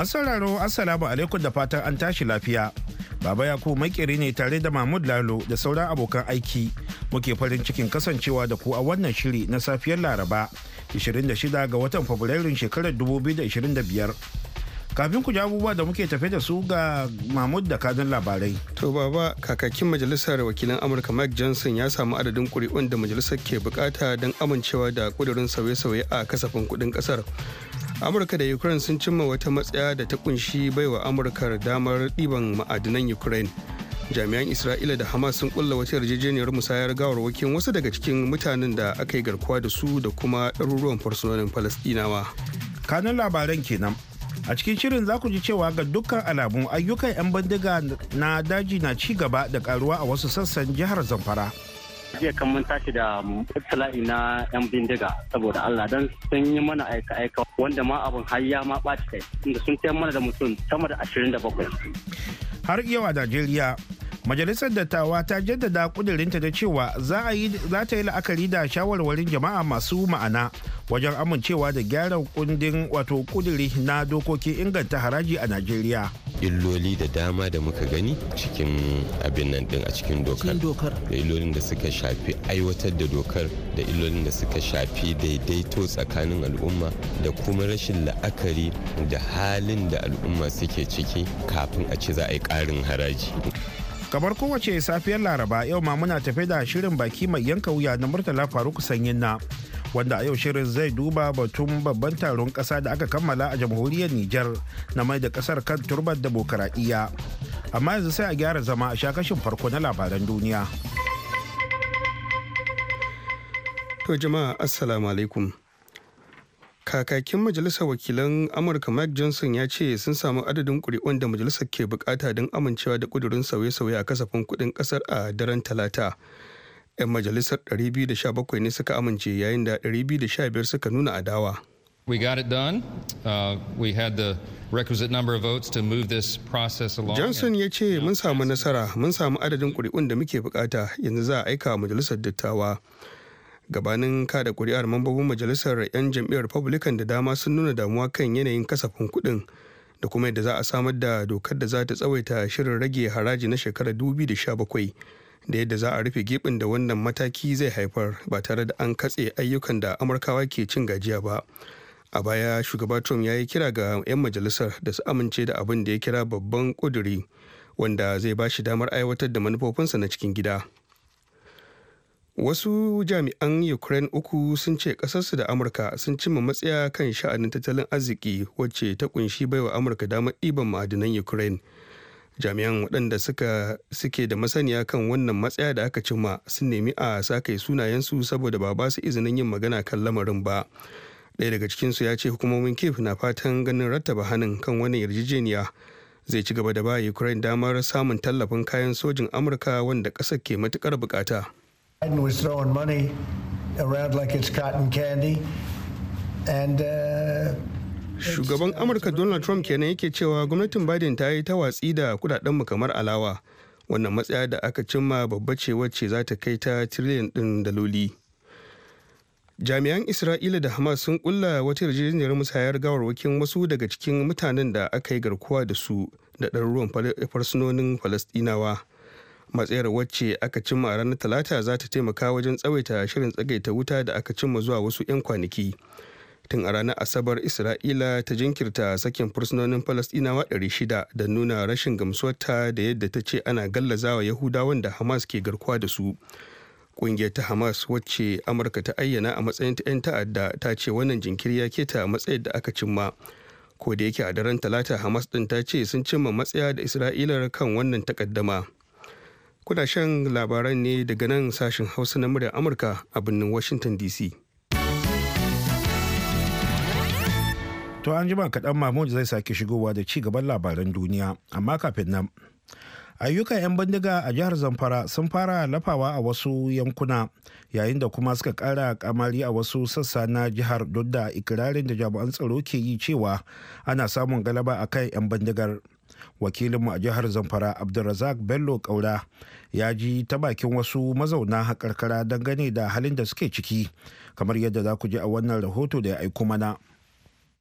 Masu sauraro Assalamu alaikum da fatan an tashi lafiya. Baba Yakubu makeri ne tare da Mahmud Lalo da sauran abokan aiki. Muke farin cikin kasancewa da ku a wannan shiri na safiyar Laraba 26 ga watan Fabrairun shekarar 2025. kafin ku ji abubuwa da muke tafe da su ga mahmud da kadin labarai to baba kakakin majalisar wakilan amurka mike johnson ya samu adadin kuri'un da majalisar ke bukata don amincewa da kudurin sauye-sauye a kasafin kudin kasar amurka da ukraine sun cimma wata matsaya da ta kunshi baiwa amurka damar ɗiban ma'adinan ukraine jami'an isra'ila da hamas sun kulla wata yarjejeniyar musayar gawarwakin wasu daga cikin mutanen da aka yi garkuwa da su da kuma ɗaruruwan fursunonin falasɗinawa kanun labaran kenan a cikin shirin za ku ji cewa ga dukkan alamun ayyukan 'yan bindiga na daji na ci gaba da karuwa a wasu sassan jihar zamfara jiya kan mun tashi da iftila'i na yan bindiga saboda Allah don sun yi mana aika aika wanda ma abin har ya ma ɓaci kai inda sun tayar mana da mutum sama da 27 har yau a Najeriya majalisar dattawa ta jaddada kudirinta da cewa za ta yi la'akari da shawarwarin jama'a masu ma'ana wajen amincewa da gyaran kundin wato kuduri na dokoki inganta haraji a najeriya illoli da dama da muka gani cikin abin nan din a cikin dokar da illolin da suka shafi aiwatar da dokar da illolin da suka shafi daidaito tsakanin al'umma da kuma rashin la'akari da halin da al'umma suke ciki kafin a ci za a yi ƙarin haraji kamar kowace safiyar laraba yau ma muna tafe da shirin baki mai yanka wuya na murtala faruk sanyin na wanda a yau shirin zai duba batun babban taron kasa da aka kammala a jamhuriyar Nijar na mai da kasar kan turbar demokaradiyya. Amma yanzu sai a gyara zama a shakashin farko na labaran duniya. To jama'a assalamu alaikum. Kakakin Majalisar Wakilan Amurka Mike Johnson ya ce sun samu adadin ƙuri'un da majalisar ke bukata don amincewa da ƙudurin sauye-sauye a kasafin kuɗin ƙasar a daren talata. 'yan majalisar 217 ne suka amince yayin da 215 suka nuna adawa. We got it done. Uh, we had the requisite number of votes to move this process along. Johnson ya ce mun samu nasara, mun samu adadin kuri'un da muke bukata yanzu za a aika majalisar dattawa. Gabanin kada kuri'ar mambobin majalisar 'yan jam'iyyar Republican da dama sun nuna damuwa kan yanayin kasafin kuɗin da kuma yadda za a samar da dokar da za ta tsawaita shirin rage haraji na shekarar 2017. da yadda za a rufe gibin da wannan mataki zai haifar ba tare da an katse ayyukan da amurkawa ke cin gajiya ba a baya shugaba trump ya yi kira ga 'yan majalisar da su amince da abin da ya kira babban kuduri wanda zai ba shi damar aiwatar da manufofinsa na cikin gida wasu jami'an ukraine uku sun ce kasarsu da amurka sun cimma matsaya kan sha'anin tattalin arziki wacce ta kunshi baiwa amurka damar ɗiban ma'adinan ukraine jami'an waɗanda suka suke da masaniya kan wannan matsaya da aka cimma sun nemi a sakai sunayensu saboda ba ba su izinin yin magana kan lamarin ba ɗaya daga cikinsu ya ce hukumomin kif na fatan ganin rattaba hannun kan wani yarjejeniya zai ci gaba da ba ukraine damar samun tallafin kayan sojin amurka wanda ƙasar ke matukar bukata and uh, Shugaban Amurka Donald Trump kenan yake cewa gwamnatin Biden ta yi ta watsi da kudaden kamar alawa. Wannan matsaya da aka cimma babba ce wacce za ta kai ta tiriliyan ɗin daloli. Jami'an Isra'ila da Hamas sun kulla wata yarjejeniyar musayar gawarwakin wasu daga cikin mutanen da aka yi garkuwa da su da ɗaruruwan farsunonin Falastinawa. matsayar wacce aka cimma a ranar talata za ta taimaka wajen tsawaita shirin tsagaita wuta da aka cimma zuwa wasu 'yan kwanaki tun a ranar asabar isra'ila ta jinkirta sakin fursunonin falasɗinawa 600 da nuna rashin gamsuwarta da yadda ta ce ana gallazawa yahudawan da hamas ke garkuwa da su ƙungiyar ta hamas wacce amurka ta ayyana a matsayin ta 'yan ta'adda ta ce wannan jinkiri ya keta matsayin da aka cimma ko da yake a daren talata hamas ɗin ta ce sun cimma matsaya da isra'ila kan wannan takaddama kuna shan labaran ne daga nan sashen hausa na muryar amurka a birnin washington dc To an jima kaɗan Mahmud zai sake shigowa da ci gaban labaran duniya, amma kafin nan. Ayyukan 'yan bindiga a jihar Zamfara sun fara lafawa a wasu yankuna yayin da kuma suka ƙara kamari a wasu sassa na jihar duk da ikirarin da jami'an tsaro ke yi cewa ana samun galaba a kan 'yan bindigar. Wakilinmu a jihar Zamfara Abdulrazak Bello Kaura ya ji ta bakin wasu mazauna karkara dangane da halin da suke ciki kamar yadda za ku ji a wannan rahoto da ya aiko mana.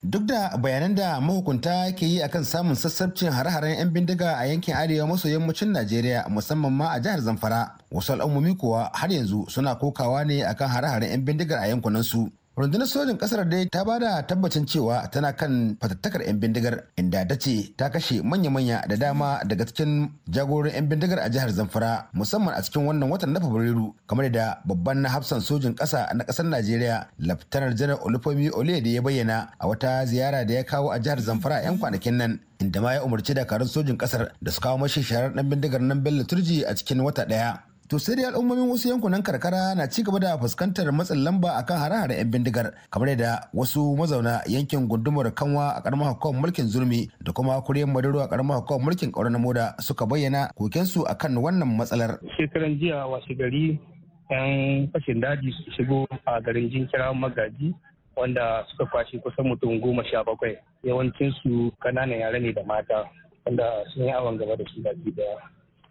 Duk da bayanan da mahukunta ke yi akan samun sassabcin hare-haren 'yan bindiga a yankin arewa maso yammacin Najeriya musamman ma a jihar Zamfara, wasu al'ummomi kuwa har yanzu suna kokawa ne akan hare-haren 'yan bindigar a yankunan su. rundunar sojin kasar dai ta ba da tabbacin cewa tana kan fatattakar 'yan bindigar inda ta ce ta kashe manya-manya da dama daga cikin jagororin 'yan bindigar a jihar zamfara musamman a cikin wannan watan na fabrairu kamar da babban na hafsan sojin kasa na kasar najeriya laftanar janar olufemi da ya bayyana a wata ziyara da ya kawo a jihar zamfara 'yan kwanakin nan inda ma ya umarci dakarun sojin kasar da su kawo mashi sharar dan bindigar nan bello turji a cikin wata daya To sai dai al'ummomin wasu yankunan karkara na ci gaba da fuskantar matsin lamba akan hare-hare 'yan bindigar kamar da wasu mazauna yankin gundumar kanwa a karamar hukumar mulkin zurmi da kuma kuriyar madaru a karamar hukumar mulkin kauran moda suka bayyana kokensu akan wannan matsalar. Shekaran jiya wasu gari 'yan fashin daji su shigo a garin jinkira magaji wanda suka kwashe kusan mutum goma sha bakwai yawancinsu kananan yare ne da mata wanda sun yi awon gaba da su daji daya.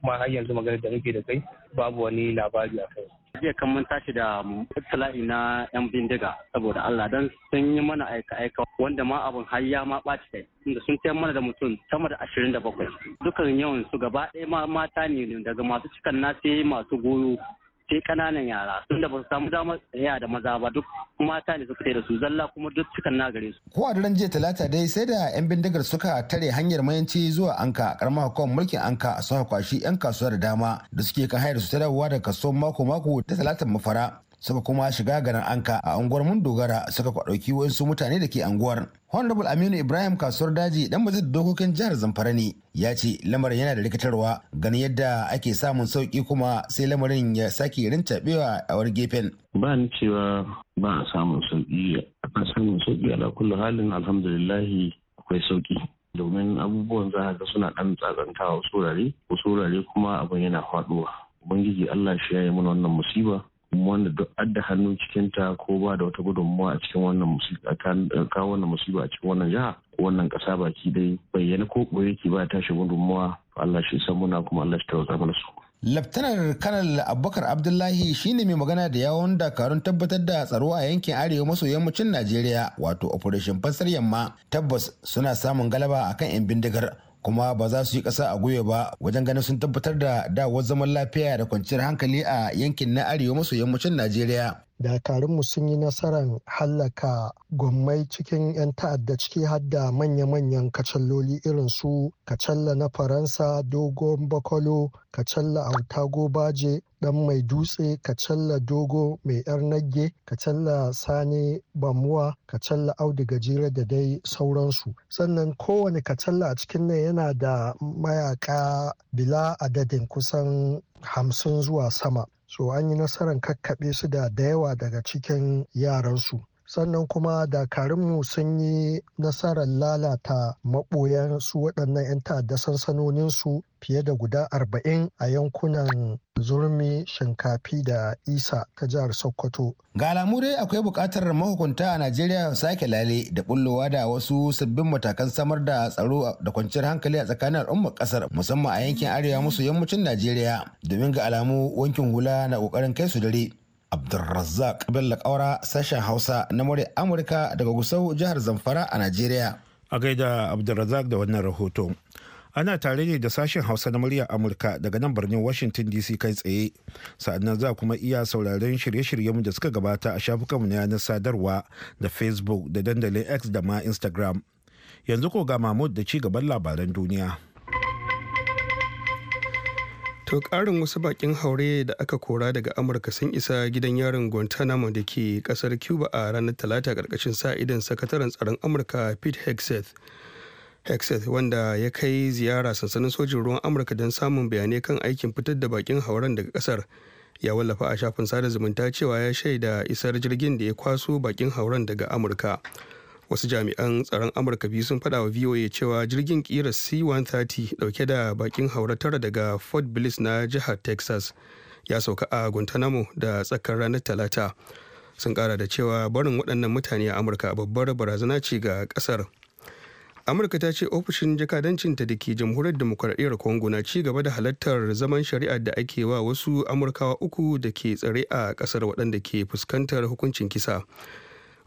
kuma har yanzu magana da nake da kai babu wani labari a kai jiya kan mun tashi da tala'i na yan bindiga saboda Allah dan sun yi mana aika aika wanda ma abin har ma ɓaci kai inda sun tayar mana da mutum sama da ashirin da bakwai dukan yawan su gaba ɗaya ma mata ne daga masu cikan na sai masu goyo sai kananan yara da ba su samu damar tsaya da maza ba duk mata ne suka da su zalla kuma duk cikin na gare su. Ko a daren jiya talata dai sai da 'yan bindigar suka tare hanyar mayanci zuwa anka karamar hukumar mulkin anka suka kwashi 'yan kasuwar da dama da suke kan hayar su ta dawowa da kaso mako mako da talatan mafara suka kuma shiga garin anka a unguwar mun dogara suka kwadauki wasu mutane da ke unguwar. honorable aminu ibrahim kasuwar daji dan da dokokin jihar zamfara ne ya ce lamarin yana da rikitarwa ganin yadda ake samun sauki kuma sai lamarin ya sake rintaɓewa a wani gefen ba ni cewa ba a samun sauki a samun sauki ala kullu halin alhamdulillahi akwai sauki domin abubuwan za ga suna ɗan tsagantawa wasu wurare wasu wurare kuma abin yana faɗuwa ubangiji allah shi ya yi mana wannan musiba wanda duk adda hannu cikin ta ko ba da wata gudunmawa a cikin wannan musiba kawo wannan musiba a cikin wannan jiha wannan kasa baki dai bayyana ko ɓoye yake ba tashi gudunmuwa Allah shi san muna kuma Allah shi tawaza mana su. Laftanar Kanal Abubakar Abdullahi shine mai magana da yawon dakarun tabbatar da tsaro a yankin arewa maso yammacin Najeriya wato Operation Fasar Yamma tabbas suna samun galaba akan 'yan bindigar kuma ba za su yi ƙasa a gwiwa ba wajen ganin sun tabbatar da dawar zaman lafiya da kwanciyar hankali a yankin na arewa maso yammacin najeriya dakarunmu sun yi nasarar hallaka gwammai cikin 'yan ta'adda ciki har da manya-manyan kacalloli irin su kacalla na faransa dogon bakwalo kacalla autago baje dan mai dutse ka kacalla dogo mai yar nagge kacalla sani bamuwa kacalla audu gajere da dai sauransu sannan kowane kacalla a cikin nan yana da mayaka bila adadin kusan hamsin zuwa sama so an yi nasarar kakkaɓe su da da yawa daga cikin yaransu sannan kuma dakarunmu sun yi nasarar lalata maɓoyan su waɗannan 'yan ta'adda sansanoninsu fiye da guda 40 a yankunan zurmi shinkafi da isa ta jihar sokoto ga alamu dai akwai buƙatar mahukunta a najeriya sake lale da bullowa da wasu sabbin matakan samar da tsaro da kwanciyar hankali a tsakanin al'ummar ƙasar musamman a yankin arewa musu yammacin najeriya domin ga alamu wankin hula na ƙoƙarin kai su dare Abdulrazzaq Bello Kaura sashen Hausa na murya Amurka daga Gusau jihar Zamfara a Najeriya. A gaida Abdulrazzaq da wannan rahoto. Ana tare ne da sashen Hausa na murya Amurka daga nan birnin Washington DC kai tsaye. Sa'annan za kuma iya sauraren shirye-shiryenmu da suka gabata a shafukanmu na yanar sadarwa da Facebook da dandalin X da ma Instagram. Yanzu ko ga Mahmud da ci gaban labaran duniya. To ƙarin wasu bakin haure da aka kora daga Amurka sun isa gidan yarin Guantanamo da ke ƙasar Cuba a ranar Talata ƙarƙashin sa idan sakataren tsaron Amurka Pete Hegseth. Hexeth wanda ya kai ziyara sansanin sojin ruwan Amurka don samun bayanai kan aikin fitar da bakin hauren daga ƙasar. Ya wallafa a shafin sada zumunta cewa ya shaida isar jirgin da ya kwaso bakin hauren daga Amurka. wasu jami'an tsaron amurka biyu sun faɗawa wa voa cewa jirgin kira c-130 dauke da bakin haura tara daga fort bliss na jihar texas ya sauka a guantanamo da tsakar ranar talata sun kara da cewa barin waɗannan mutane a amurka babbar barazana ce ga ƙasar amurka ta ce ofishin jakadancinta da ke jamhuriyar demokuraɗiyyar congo na ci gaba da halartar zaman shari'ar da ake wa wasu amurkawa uku da ke tsare a ƙasar waɗanda ke fuskantar hukuncin kisa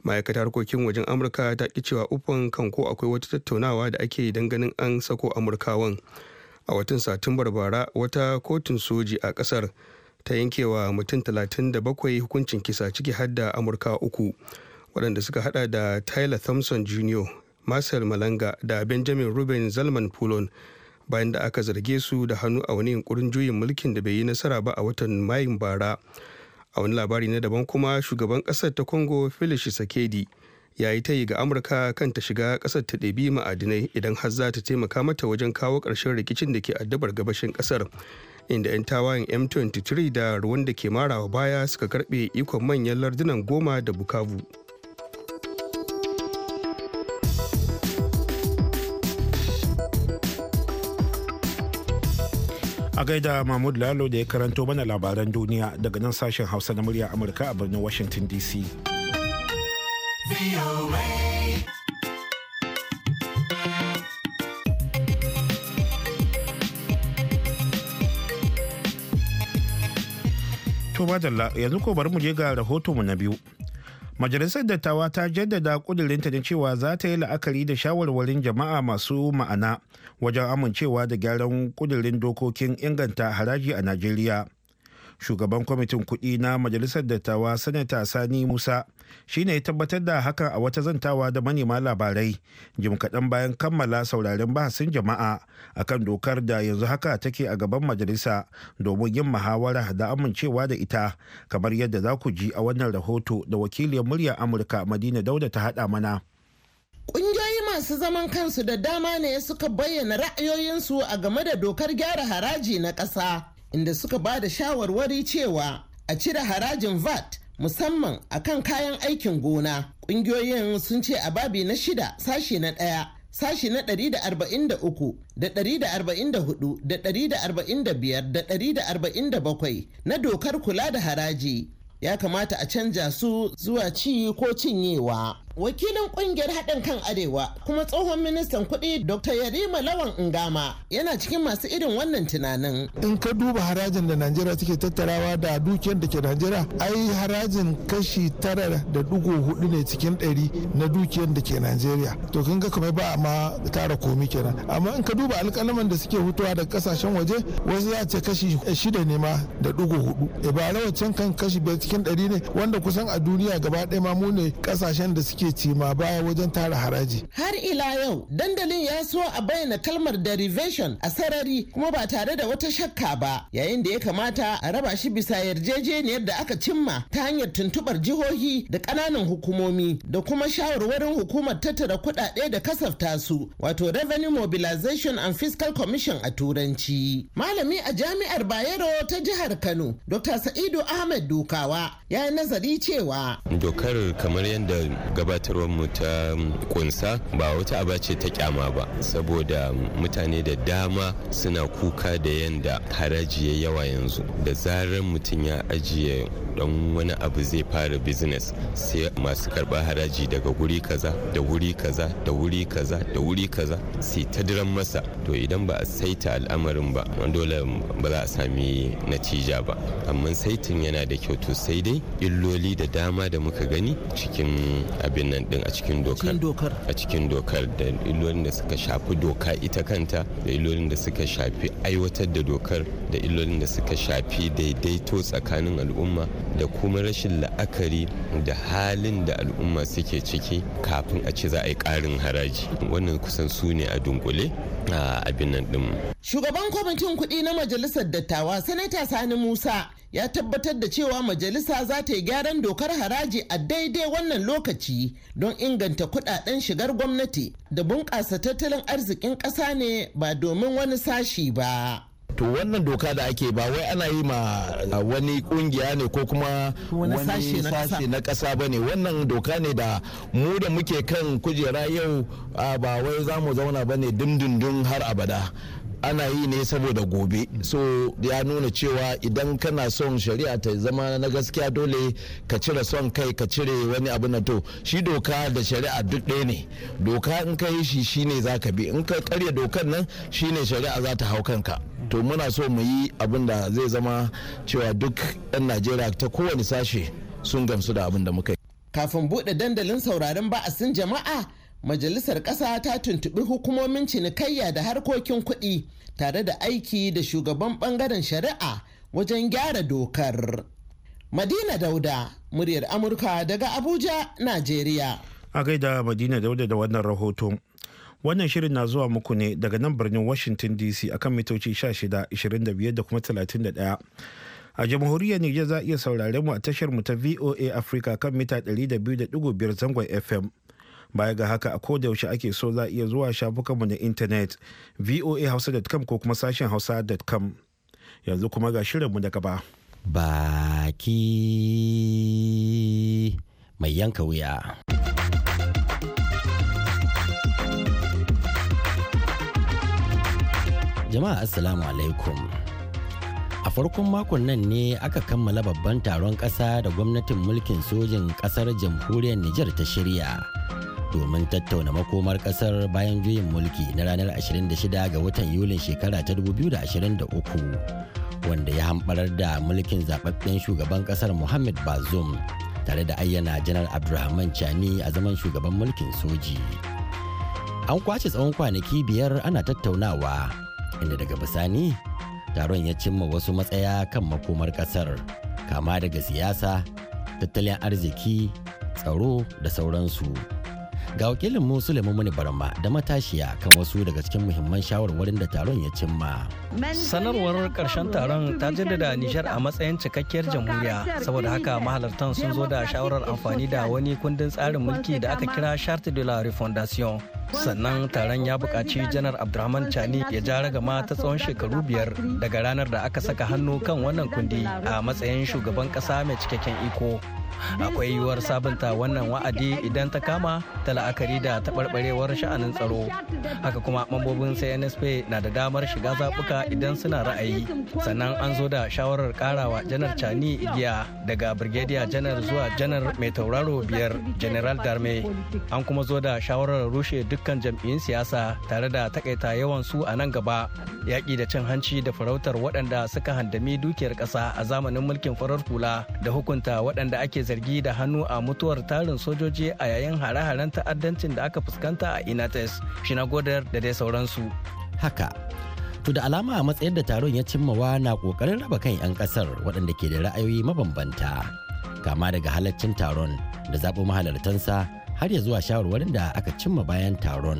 ma'aikatar harkokin wajen amurka ta ki cewa ufan kan ko akwai wata tattaunawa da ake don ganin an sako amurkawan a watan satumbar bara wata kotun soji a kasar ta yankewa mutum 37 hukuncin kisa ciki hadda da amurka uku waɗanda suka hada da tyler thompson jr marcel malanga da benjamin ruben zalman pulon bayan da aka zarge su da hannu a wani yunkurin juyin mulkin da bai yi nasara ba a watan mayin bara a wani labari na daban kuma shugaban kasar ta congo felix sakedi ya yi tayi ga amurka kan ta shiga kasar ta ɗabi ma'adinai idan har za ta taimaka mata wajen kawo ƙarshen rikicin da ke addabar gabashin kasar inda 'yan tawayen m23 da ruwan da ke marawa baya suka karɓe ikon manyan lardunan goma da bukavu a gaida mahmud lalo da ya karanto mana labaran duniya daga nan sashen hausa na murya amurka a birnin washington dc tuba yanzu ko bari mu je ga mu na biyu majalisar dattawa ta jaddada kudurinta da cewa za ta yi la'akari da shawarwarin jama'a masu ma'ana wajen amincewa da gyaran kudurin dokokin inganta haraji a najeriya shugaban kwamitin kuɗi na majalisar dattawa sanata sani musa shine ya tabbatar da hakan a wata zantawa da manema labarai jim kaɗan bayan kammala sauraren bahasin jama'a akan dokar da yanzu haka take a gaban majalisa domin yin muhawara da amincewa da ita kamar yadda za ku ji a wannan rahoto da wakiliyar murya amurka madina dauda ta haɗa mana Ƙungiyoyi masu zaman kansu da dama ne suka bayyana ra'ayoyinsu a game da dokar gyara haraji na ƙasa. inda suka ba da shawarwari cewa a cire harajin VAT musamman a kan kayan aikin gona. Ƙungiyoyin sun ce a babi na shida sashi na ɗaya sashi na 143 da 144 da 145 da 147 na dokar kula da haraji ya kamata a canja su zuwa ci ko cinyewa wakilin kungiyar haɗin kan arewa kuma tsohon ministan kuɗi dr yarima lawan ngama yana cikin masu irin wannan tunanin in ka duba harajin da najeriya take tattarawa da dukiyar da ke najeriya ai harajin kashi tara da dugo hudu ne cikin ɗari na dukiyar da ke najeriya to kin ga kamar ba ma tara komi kenan amma in ka duba alƙalaman da suke hutuwa da kasashen waje wasu za ce kashi shida ne ma da dugo hudu ibara eh, wancan kan kashi biyar cikin ɗari ne wanda kusan a duniya gaba ɗaya ma mu ne kasashen da suke suke ci ma baya wajen tara haraji. Har ila yau dandalin ya so a bayyana kalmar derivation a sarari kuma ba tare da wata shakka ba yayin da ya kamata a raba shi bisa yarjejeniyar da aka cimma ta hanyar tuntubar jihohi da ƙananan hukumomi da kuma shawarwarin hukumar tattara kuɗaɗe da kasafta su wato revenue mobilization and fiscal commission a turanci. Malami a jami'ar Bayero ta jihar Kano Dr. Sa'idu Ahmed Dukawa ya yi nazari cewa. Dokar kamar yadda gaba mu ta kunsa um, ba wata aba ce ta kyama ba saboda um, mutane da dama suna kuka da yanda haraji ya yawa yanzu da zarar mutum ya ajiye don wani abu zai fara business sai masu karba haraji daga wuri kaza da wuri kaza da wuri kaza da wuri kaza sai ta diran masa to idan ba a saita al'amarin ba dole ba za a sami natija ba amma saitin yana da kyau to sai dai illoli da dama da muka gani cikin abin abin nan din a cikin dokar a cikin dokar da illolin da suka shafi doka ita kanta da illolin da suka shafi aiwatar da dokar da illolin da suka shafi daidaito tsakanin al'umma da kuma rashin la'akari da halin da al'umma suke ciki kafin a ci za a yi karin haraji wannan kusan su ne a dunkule a abin nan din shugaban kwamitin kuɗi na majalisar dattawa sanata sani musa ya tabbatar da cewa majalisa za ta yi gyaran dokar haraji a daidai wannan lokaci don inganta kudaden shigar gwamnati da bunƙasa tattalin arzikin kasa ne ba domin wani sashi ba. to wannan doka da ake ba wai ana yi ma wani kungiya ne ko kuma wani sashe na kasa ba ne wannan doka ne da mu da muke kan kujera yau ba wai za mu zauna ba ne dindindin har abada ana yi ne saboda gobe so ya nuna cewa idan kana son shari'a ta zama na gaskiya dole ka cire son kai ka cire wani abu na to shi doka da shari'a duk ɗaya ne doka in ka yi shi shine za ka bi in ka karya dokar nan shine shari'a za ta hau kanka to muna so mu yi abin da zai zama cewa duk 'yan najeriya ta kowane sashe sun gamsu da abin da muka yi kafin buɗe dandalin sauraron ba'asin jama'a majalisar ƙasa ta tuntuɓi hukumomin cinikayya da harkokin kuɗi tare da aiki da shugaban ɓangaren shari'a wajen gyara dokar. Madina Dauda, muryar Amurka daga Abuja, Najeriya. A gaida Madina Dauda da wannan rahoto. Wannan shirin na zuwa muku ne daga nan birnin Washington DC akan mitoci 16, 25 da kuma 31. a jamhuriyar Nijar za a iya saurare mu a tashar mu ta VOA Africa kan mita 200.5 zangon FM baya ga haka a kodayaushe ake so za iya zuwa shafukanmu na intanet voahausa.com ko kuma sashen hausa.com yanzu kuma ga shirinmu da gaba baki mai yanka wuya jama'a assalamu alaikum a farkon makon nan ne aka kammala babban taron ƙasa da gwamnatin mulkin sojin ƙasar jamhuriyar Nijar ta shirya domin tattauna makomar kasar bayan juyin mulki na ranar 26 ga watan yulin shekara ta 2023 wanda ya hamɓarar da mulkin zababben shugaban kasar muhammad bazoum tare da ayyana janar abdulrahman chani a zaman shugaban mulkin soji an kwace tsawon kwanaki biyar ana tattaunawa inda daga bisani taron ya cimma wasu matsaya kan makomar kasar kama daga siyasa tattalin arziki tsaro da sauransu. Ga wakilin mu Suleiman Mani Barma da matashiya kan wasu daga cikin muhimman shawarwarin da taron ya cimma. Sanarwar karshen taron ta jaddada Nijar a matsayin cikakkiyar jamhuriya saboda haka mahalartan sun zo da shawarar amfani da wani kundin tsarin mulki da aka kira Charte de la Refondation. sannan taron ya buƙaci janar abdulrahman chani ya ja ragama ta tsawon shekaru biyar daga ranar da aka saka hannu kan wannan kundi a matsayin shugaban ƙasa mai cikakken iko akwai yiwuwar sabunta wannan wa'adi idan ta kama ta la'akari da taɓarɓarewar sha'anin tsaro haka kuma mambobin cnsp na da damar shiga zaɓuka idan suna ra'ayi sannan an zo da shawarar karawa janar cani igiya daga brigadier janar zuwa janar mai tauraro biyar general darme an kuma zo da shawarar rushe dukkan jam'iyyun siyasa tare da takaita yawan su a nan gaba yaƙi da cin hanci da farautar waɗanda suka handami dukiyar ƙasa a zamanin mulkin farar hula da hukunta waɗanda ake zargi da hannu a mutuwar tarin sojoji a yayin hare-haren ta'addancin da aka fuskanta a inates shinagodar da dai sauransu haka to da alama a matsayin da taron ya cimmawa na kokarin raba kan 'yan kasar waɗanda ke da ra'ayoyi mabambanta kama daga halaccin taron da zaɓo mahalartansa har ya zuwa shawarwarin da aka cimma bayan taron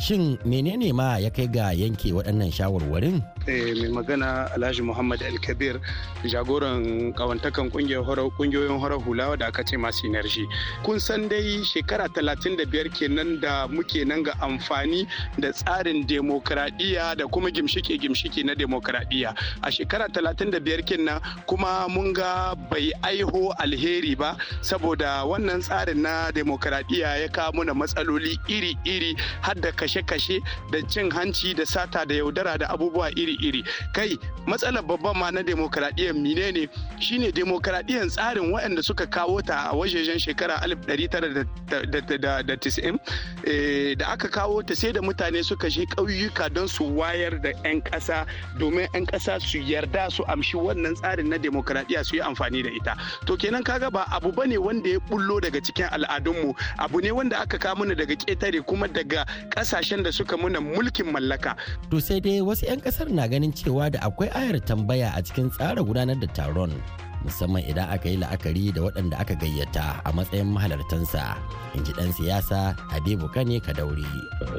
shin menene ma ya kai ga yanke waɗannan shawarwarin Eh, mai magana Alhaji Muhammad Alkabir jagoran kawantakan kungiyoyin horar hula da aka ce masu energy. Kun san dai shekara 35 kenan da muke nan ga amfani da tsarin demokradiyya da kuma gimshike-gimshike na demokradiyya. A shekara 35 kenan kuma mun ga bai aiho alheri ba saboda wannan tsarin na demokradiyya ya kawo mana matsaloli iri-iri har da kashe-kashe da cin hanci da sata da yaudara da abubuwa iri iri kai matsalar babban ma na demokradiyyar mine ne shine demokradiyyar tsarin waɗanda suka kawo ta a wajejen shekara 1990 eh, da aka kawo ta sai da mutane suka shi ƙauyuka don su wayar da 'yan ƙasa domin 'yan ƙasa su yarda su amshi wannan tsarin na demokradiyya su yi amfani da ita to kenan kaga ba abu ba ne wanda ya bullo daga cikin al'adunmu abu ne wanda aka kawo mana daga ƙetare kuma daga ƙasashen da suka muna mulkin mallaka to sai dai wasu 'yan ƙasar na ana ganin cewa da akwai ayar tambaya a cikin tsara gudanar da taron musamman idan aka yi la'akari da waɗanda aka gayyata a matsayin mahalartansa in ji ɗan siyasa habibu kane ka daure.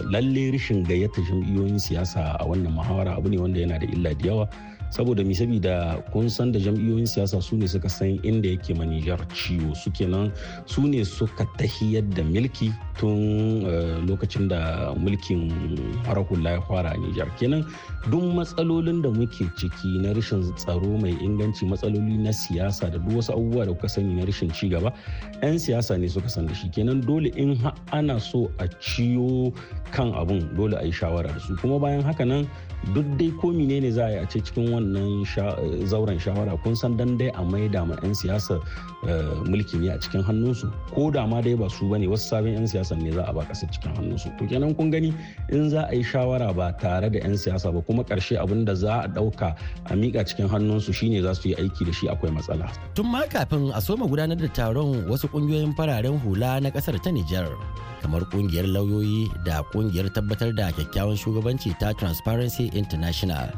lalle rashin gayyata jam'iyyoyin siyasa a wannan muhawara abu ne wanda yana da illa da yawa saboda mi sabida kun san da jam'iyyoyin siyasa su ne suka san inda yake manijar ciwo su kenan su ne suka tahiyar da milki tun eh, lokacin da mulkin harakulla ya fara a Nijar kenan duk matsalolin da muke ciki na rashin tsaro mai inganci matsaloli na siyasa da duk wasu abubuwa da kuka sani na rashin cigaba 'yan siyasa ne suka san da shi kenan dole in ana so a ciyo kan abun dole a yi shawara da su kuma bayan haka nan duk dai ko ne za a yi a ce cikin wannan eh, zauren shawara kun san dan dai a maida ma 'yan siyasa eh, mulki ne a cikin hannunsu ko da ma dai ba su bane wasu sabon 'yan siyasa ne za a ba kasar cikin hannun hannunsu to kenan kun gani in za a yi shawara ba tare da 'yan siyasa ba kuma karshe abin da za a ɗauka a miƙa cikin hannunsu shine za su yi aiki da shi akwai matsala. tun ma kafin a soma gudanar da taron wasu ƙungiyoyin fararen hula na kasar ta nijar kamar ƙungiyar lauyoyi da ƙungiyar tabbatar da kyakkyawan shugabanci ta transparency international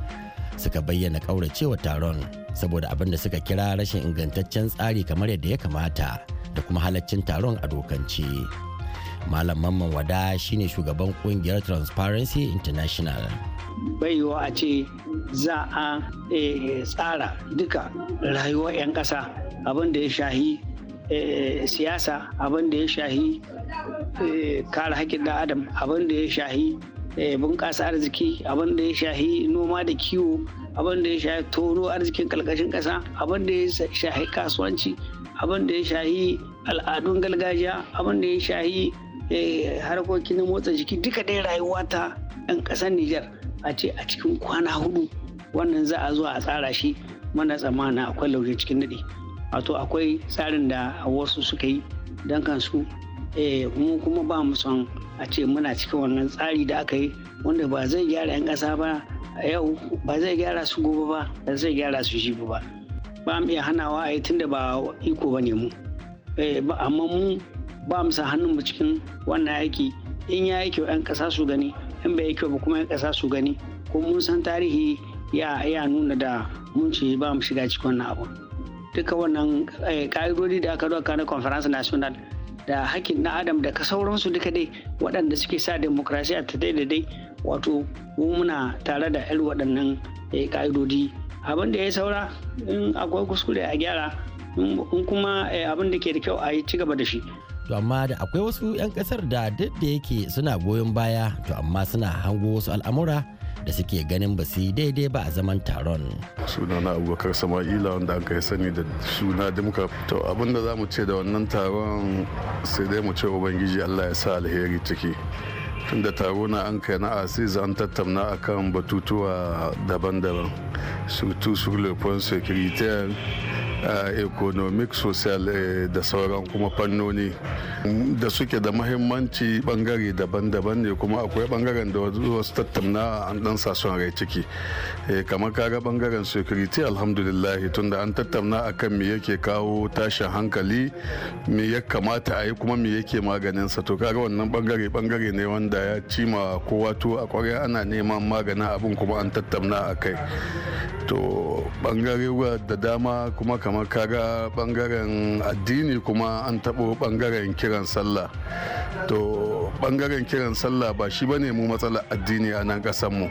suka bayyana ƙauracewa taron saboda abin da suka kira rashin ingantaccen tsari kamar yadda ya kamata da kuma halaccin taron a dokance. malam mamman wada shine shugaban kungiyar transparency international baiwa a ce za a eh, tsara duka rayuwar 'yan ƙasa abin da ya shahi eh, siyasa abin da ya shahi eh, kare haƙƙin da adam abin da ya shahi bunƙasa arziki abin da ya shahi noma da kiwo abin da ya shahi toro arzikin ƙarƙashin ƙasa abin da ya shahi kasuwanci abin da ya shahi al'adun gargajiya abin da ya shahi Eh, harkokin motsa jiki duka dai rayuwa ta 'yan ƙasar Nijar a ce a cikin kwana hudu wannan za a zo a tsara shi mana tsammanin akwai lauje cikin daɗi wato akwai tsarin da wasu suka yi don kansu eh, mu kuma ba mu son a ce muna cikin wannan tsari da aka yi wanda ba zai gyara 'yan ƙasa ba yau ba zai gyara su gobe ba ba zai gyara su jibi ba ba mu iya hanawa a yi tunda ba iko ba ne mu eh, amma mu ba mu sa mu cikin wannan aiki in ya yi kyau 'yan ƙasa su gani in bai yi kyau ba kuma 'yan ƙasa su gani ko mun san tarihi ya nuna da mun ce ba mu shiga cikin wannan abu duka wannan eh, ƙa'idodi da aka doka na conference national da hakkin na adam da sauransu duka dai waɗanda suke sa demokrasiya ta dai dai wato muna tare da yan waɗannan eh, ƙa'idodi abin da ya saura in akwai kuskure a gyara in kuma eh, abin da ke da kyau a yi ci gaba da shi to amma da akwai wasu 'yan kasar da duk da yake suna goyon baya to amma suna hango wasu al'amura da suke ganin ba su daidai ba a zaman taron suna na abubakar sama'ila wanda an kai sani da suna dimka to abin da za mu ce da wannan taron sai dai mu ce ubangiji allah ya sa alheri ciki da taro na an kai na asis an tattauna a kan batutuwa daban-daban surtout sur le point economic social eh, da sauran kuma fannoni da suke da mahimmanci bangare daban-daban ne kuma akwai bangaren da wasu tattauna an dan son rai ciki eh, kamar kaga bangaren security alhamdulillah tunda an tattauna akan me yake kawo tashin hankali me ya kamata a yi kuma me yake maganin sa to kaga wannan bangare-bangare ne wanda ya cima kowa to a kwarai ana neman maganin abin kuma an tattauna a kai to bangare da dama kuma kamar kaga bangaren addini kuma an taɓo bangaren kiran sallah to bangaren kiran sallah ba shi bane mu matsalar addini a nan mu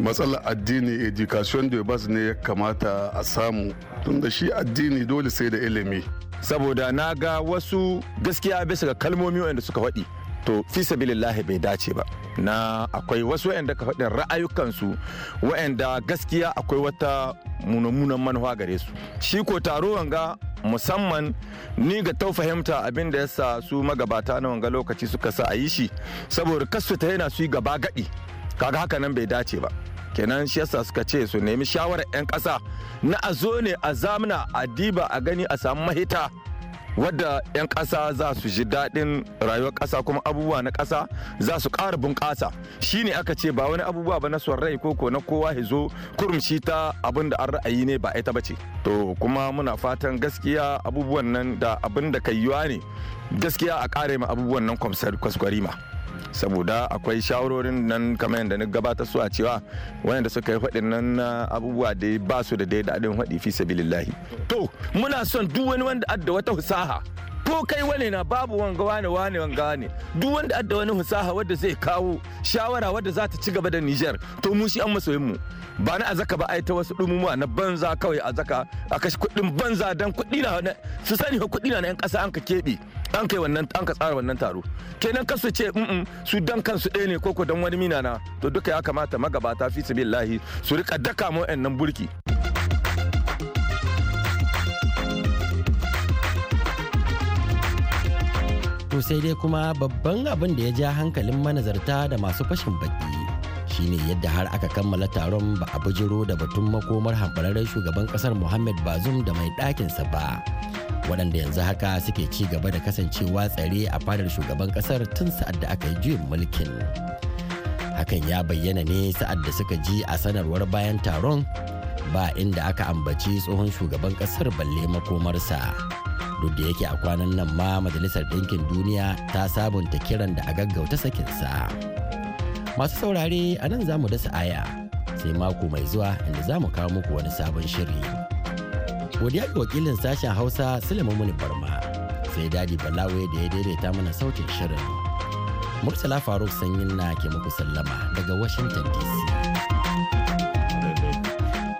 matsalar addini education de bas ne ya kamata a samu tunda shi addini dole sai da ilimi saboda na ga wasu gaskiya bisa ga kalmomi wanda suka faɗi to fi sabilillahi bai dace ba na akwai wasu wa'anda ka faɗin ra'ayukansu wa'anda gaskiya akwai wata munamunan manuwa gare su shi ko taro wanga musamman ni ga ta fahimta abin da yasa su magabata na wanga lokaci suka sa a yi shi saboda kasu ta yana su gaba gaɗi kaga haka nan bai dace ba kenan shi yasa suka ce su nemi shawarar 'yan ƙasa na a zo ne a zamana a diba a gani a samu mahita wadda 'yan ƙasa za su ji daɗin rayuwar ƙasa kuma abubuwa na ƙasa za su ƙara bunƙasa shi ne aka ce ba wani abubuwa ba na son rai ko na kowa ya zo kurumci ta abin da an ra'ayi ne ba ita ba ce to kuma muna fatan gaskiya abubuwan nan da abin da kai yiwa ne gaskiya a ƙare ma abubuwan nan kwaskwari ma saboda akwai shawarorin nan kamar yadda na gabatar su a cewa wayanda suka yi faɗin nan abubuwa da ba su da dai daɗin faɗi fi sabilillahi to muna son duk wani wanda adda wata husaha ko kai wane na babu wanga wane wane wanga wane duk wanda adda wani husaha wadda zai kawo shawara wadda za ta ci gaba da nijar to mu shi an masoyin mu ba na azaka ba ai ta wasu dumuma na banza kawai azaka a kashi kudin banza dan kuɗi na su sani kudi na yan kasa an ka kebe an kai wannan an ka tsara wannan taro kenan ka su ce su dan kansu ɗaya ne ko dan wani mina na to duka ya kamata magabata fi sabilillahi su rika daka mu nan burki. To sai dai kuma babban abin da ya ja hankalin manazarta da masu fashin baki shine yadda har aka kammala taron ba a bujiro da batun makomar hambararren shugaban kasar Muhammad Bazum da mai ɗakinsa ba. waɗanda yanzu haka suke ci gaba da kasancewa tsare a fadar shugaban kasar tun sa'ad da aka yi juyin mulkin. Hakan ya bayyana ne sa'ad da suka ji a sanarwar bayan taron ba inda aka ambaci tsohon shugaban kasar balle makomarsa. duk da yake a kwanan nan ma majalisar ɗinkin duniya ta sabunta kiran da a gaggauta sakinsa masu saurare a nan za mu dasa aya sai mako mai zuwa inda za mu kawo muku wani sabon shiri godiya ga wakilin sashen hausa sulaiman barma sai dadi balawe da ya daidaita mana sautin shirin murtala faruk sanyin na ke muku sallama daga washington dc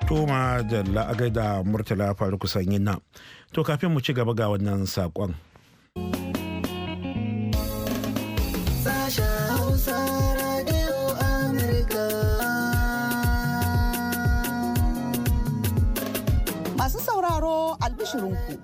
Toma da la'agai da Murtala faru kusan yin nan. To kafin mu ci gaba ga wannan saƙon.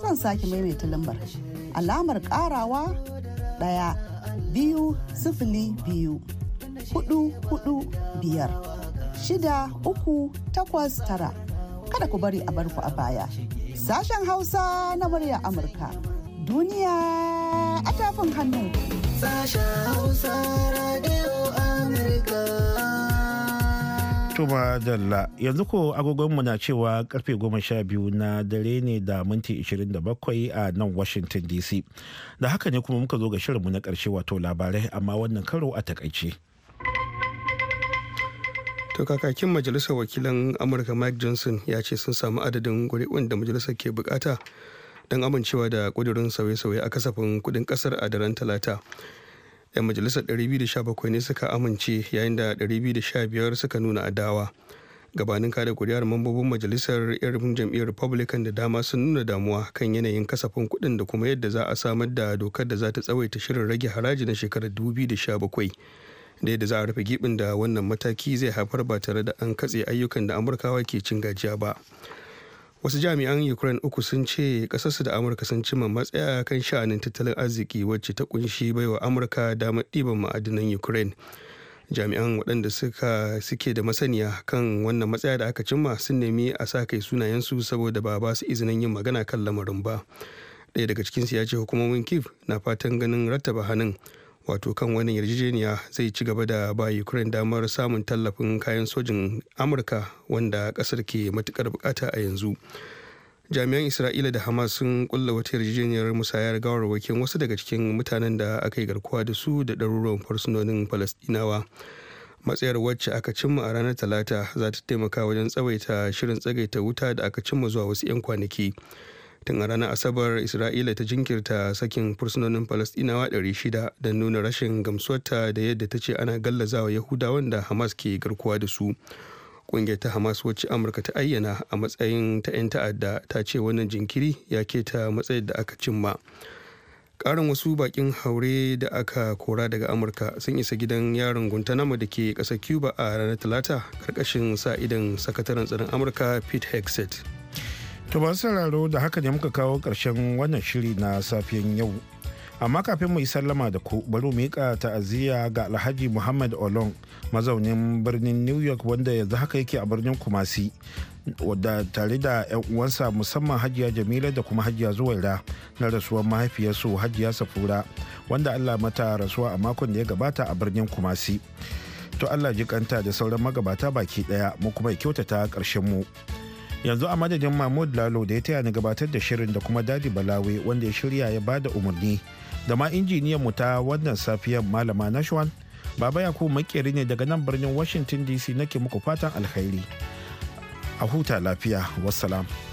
zan sake maimaita lambar alamar karawa daya biyu sifili biyu hudu hudu biyar shida uku takwas tara kada ku bari a barku a baya sashen hausa na murya amurka duniya a tafin hannu sashen hausa radio amurka To madalla yanzu ko agogonmu na cewa karfe 12 na dare ne da minti 27 a nan Washington DC. Da haka ne kuma muka zo ga shirinmu na karshe wato labarai amma wannan karo a takaice. To kakakin majalisar wakilan Amurka Mike Johnson ya ce sun samu adadin kuri'un da majalisar ke bukata don amincewa da kudurin sauye-sauye a kasafin kudin kasar a daren talata. 'yan majalisar 217 ne suka amince yayin da 215 suka nuna adawa gabanin kada kuri'ar mambobin majalisar 'yan jam'iyyar republican da dama sun nuna damuwa kan yanayin kasafin kuɗin da kuma yadda za a samar da dokar da za ta tsawaita shirin rage haraji na shekarar 2017 da yadda za a rufe gibin da wannan mataki zai haifar ba tare da an katse ayyukan da amurkawa ke cin gajiya ba. wasu jami'an ukraine uku sun ce kasarsu da amurka sun cima matsaya kan sha'anin tattalin arziki wacce ta kunshi baiwa amurka damar ɗiban ma'adinan ukraine jami'an waɗanda suka suke da masaniya kan wannan matsaya da aka cimma sun nemi a sa kai sunayensu saboda ba ba su izinin yin magana kan lamarin ba ɗaya daga cikinsu ya ce hukumomin kiv na fatan ganin rattaba hannun wato kan wannan yarjejeniya zai ci gaba da ba ukraine damar samun tallafin kayan sojin amurka wanda kasar ke matukar bukata a yanzu jami'an isra'ila da hamas sun kulla wata yarjejeniyar musayar gawarwakin wasu daga cikin mutanen da aka yi garkuwa da su da ɗaruruwan farsunonin falastinawa matsayar wacce aka cimma a ranar talata za ta taimaka wajen tsawaita shirin tsagaita wuta da aka cimma zuwa wasu 'yan kwanaki tun a ranar asabar isra'ila ta jinkirta sakin fursunonin falastinawa 600 don nuna rashin gamsuwarta da yadda ta ce ana gallazawa yahudawan da hamas ke garkuwa da su kungiyar ta hamas wacce amurka ta ayyana a matsayin ta 'yan ta'adda ta ce wannan jinkiri ya keta matsayin da aka cimma karin wasu bakin haure da aka kora daga amurka sun isa gidan yaron guntanamo da ke ƙasar cuba a ranar talata karkashin sa idan sakataren tsaron amurka pete hexet Tuban sauraro da haka ne muka kawo ƙarshen wannan shiri na safiyan yau. Amma kafin mu yi sallama da ku bari mu miƙa ta'aziyya ga Alhaji Muhammad olon mazaunin birnin New York wanda yanzu haka yake a birnin Kumasi wadda tare da 'yan uwansa musamman Hajiya Jamila da kuma Hajiya Zuwaira na rasuwar mahaifiyarsu Hajiya Safura wanda Allah mata rasuwa a makon da ya gabata a birnin Kumasi. To Allah jikanta da sauran magabata baki daya mu kuma kyautata ƙarshen mu. yanzu a madadin mahmud lalo da ya taya ni gabatar da shirin da kuma dadi balawe wanda ya shirya ya bada umarni da ma injiniyan mu ta wannan safiyar malama nashwan baba yaku makeri ne daga nan birnin washington dc nake muku fatan alkhairi a huta lafiya wassalam